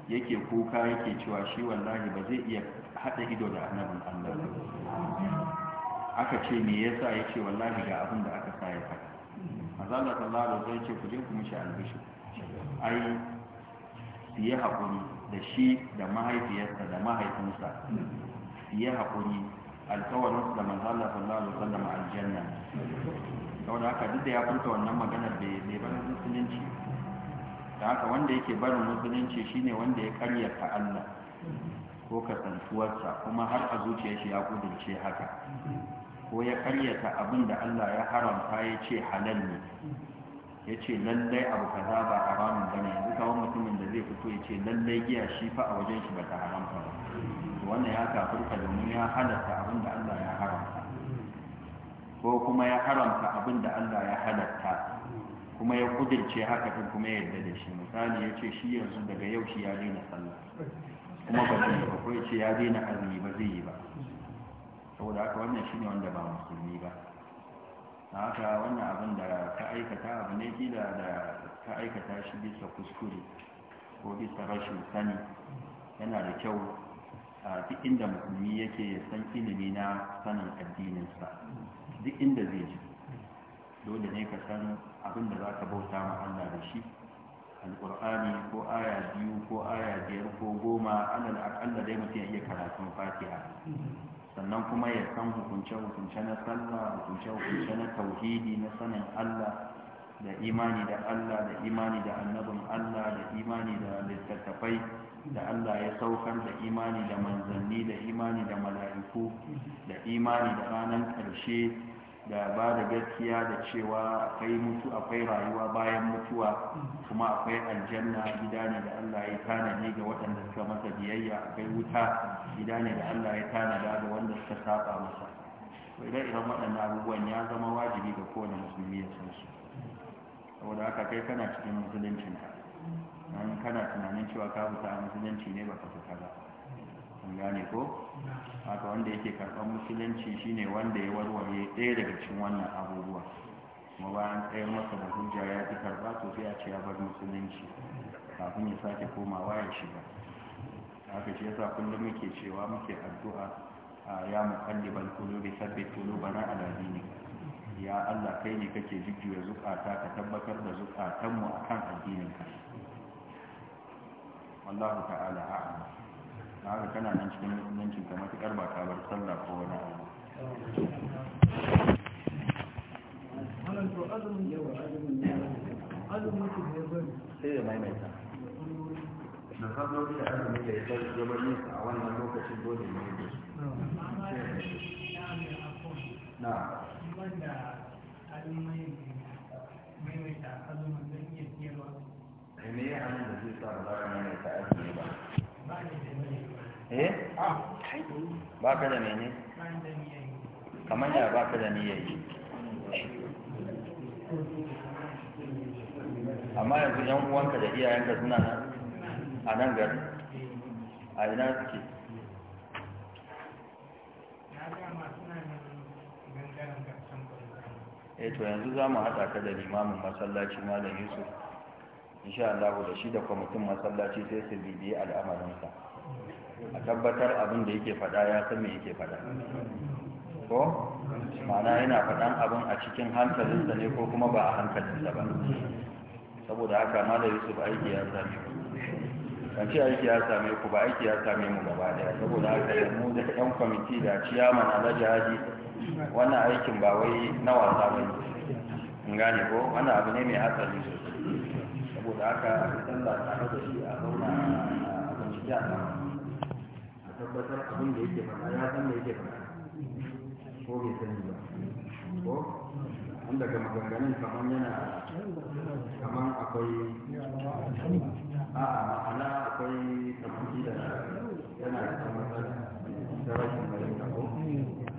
yake kuka yake cewa shi wallahi ba zai iya haɗa ido da annabin Allah aka ce me yasa ya ce wallahi ga abin da aka sa ya faɗa (Allah) sallallahu alaihi wa sallam ce ku je ku mishi albishi ai siye haƙuri da shi da mahaifiyarsa da mahaifinsa ya haƙuri alkawarinsu da manzo sallallahu alaihi wasallam aljanna da haka duk da ya furta wannan maganar bai bai bar musulunci da haka wanda yake barin musulunci shine wanda ya karyata Allah ko kasantuwarsa kuma har a zuciya shi ya kudince haka ko ya karyata abin da Allah ya haramta ya ce halal ne ya ce lallai abu kaza ba haramun ba ne yanzu kawo mutumin da zai fito ya ce lallai giya shi fa a wajen shi ba ta haramta ba wannan ya kafurka domin ya halatta abin da allah ya haramta ko kuma ya haramta abin da allah ya halatta kuma ya kudirce haka din kuma ya yarda da shi misali ya ce shi yanzu daga yau shi ya daina sallah kuma ba zai ba ko ya ce ya daina azumi ba zai yi ba saboda haka wannan shi ne wanda ba musulmi ba haka wannan abin da ka aikata abu ne gida da ka aikata shi bisa kuskure ko bisa rashin sani yana da kyau a duk inda musulmi yake san ilimi na sanin addininsa duk inda zai ji dole ne ka san abin da za ka bauta ma Allah da shi alƙur'ani ko aya biyu ko aya biyar ko goma alal aƙalla dai mutum iya karatun fatiha sannan kuma ya san hukunce-hukunce na sallah hukunce-hukunce na tauhidi na sanin allah da imani da allah da imani da annabin allah da imani da littattafai da allah ya saukar da imani da manzanni da imani da mala'iku da imani da ranar ƙarshe da ba da gaskiya da cewa akwai mutu akwai rayuwa bayan mutuwa kuma akwai aljanna gida ne da Allah ya tanadi ga waɗanda suka masa biyayya akwai wuta gida ne da Allah ya tanada ga wanda suka saba masa to idan irin waɗannan abubuwan ya zama wajibi ga kowane musulmi ya san su saboda haka kai kana cikin musuluncin ka kana tunanin cewa ka fita musulunci ne baka fita ba gane ko haka wanda yake karɓar musulunci shine wanda ya warware ɗaya daga cikin wannan abubuwa kuma bayan tsayar masa da hujja ya fi karɓa to sai a ce ya bar musulunci kafin ya sake komawa ya shiga haka shi yasa kullum muke cewa muke addu'a a ya bi sabbi thabbit bana ala dini ya Allah kai ne kake jujjuya zukata ka tabbatar da zukatanmu akan addininka wallahu ta'ala a'lam na haka kana nan cikin yankin ka matuƙar ba ta bar sallah ko wani abu sai ya maimaita da azumi da ya zama nisa a wannan lokacin dole ne na wanda maimaita zai iya siyarwa ne ya hannun da zai sa a za maimaita eh ba ka da mene kamar ya ba ka da niyayi amma yanzu yan uwanka da iyayenka suna nan a nan gari a ina suke e to yanzu za mu haɗa ka da limamin masallaci malam yusuf insha Allah da shi da kwamitin masallaci sai su bibiye al'amarinsa a tabbatar abin da yake faɗa ya san me yake faɗa ko mana yana faɗan abin a cikin hankalin da ne ko kuma ba a hankalin da ba saboda haka mala yusuf aiki ya same ku kan ce aiki ya same ku ba aiki ya same mu gaba daya saboda haka da mu da ɗan kwamiti da ciyaman alhaji haji wannan aikin ba wai na wasa ba ne in gane ko wannan abu ne mai hatsari sosai saboda haka a sallah tare da shi a zauna a bincike a tabbatar abin da yake faɗa ya san da yake ko bai sani ba ko an daga maganganun kamar yana kamar akwai a ma'ana akwai tabbaci da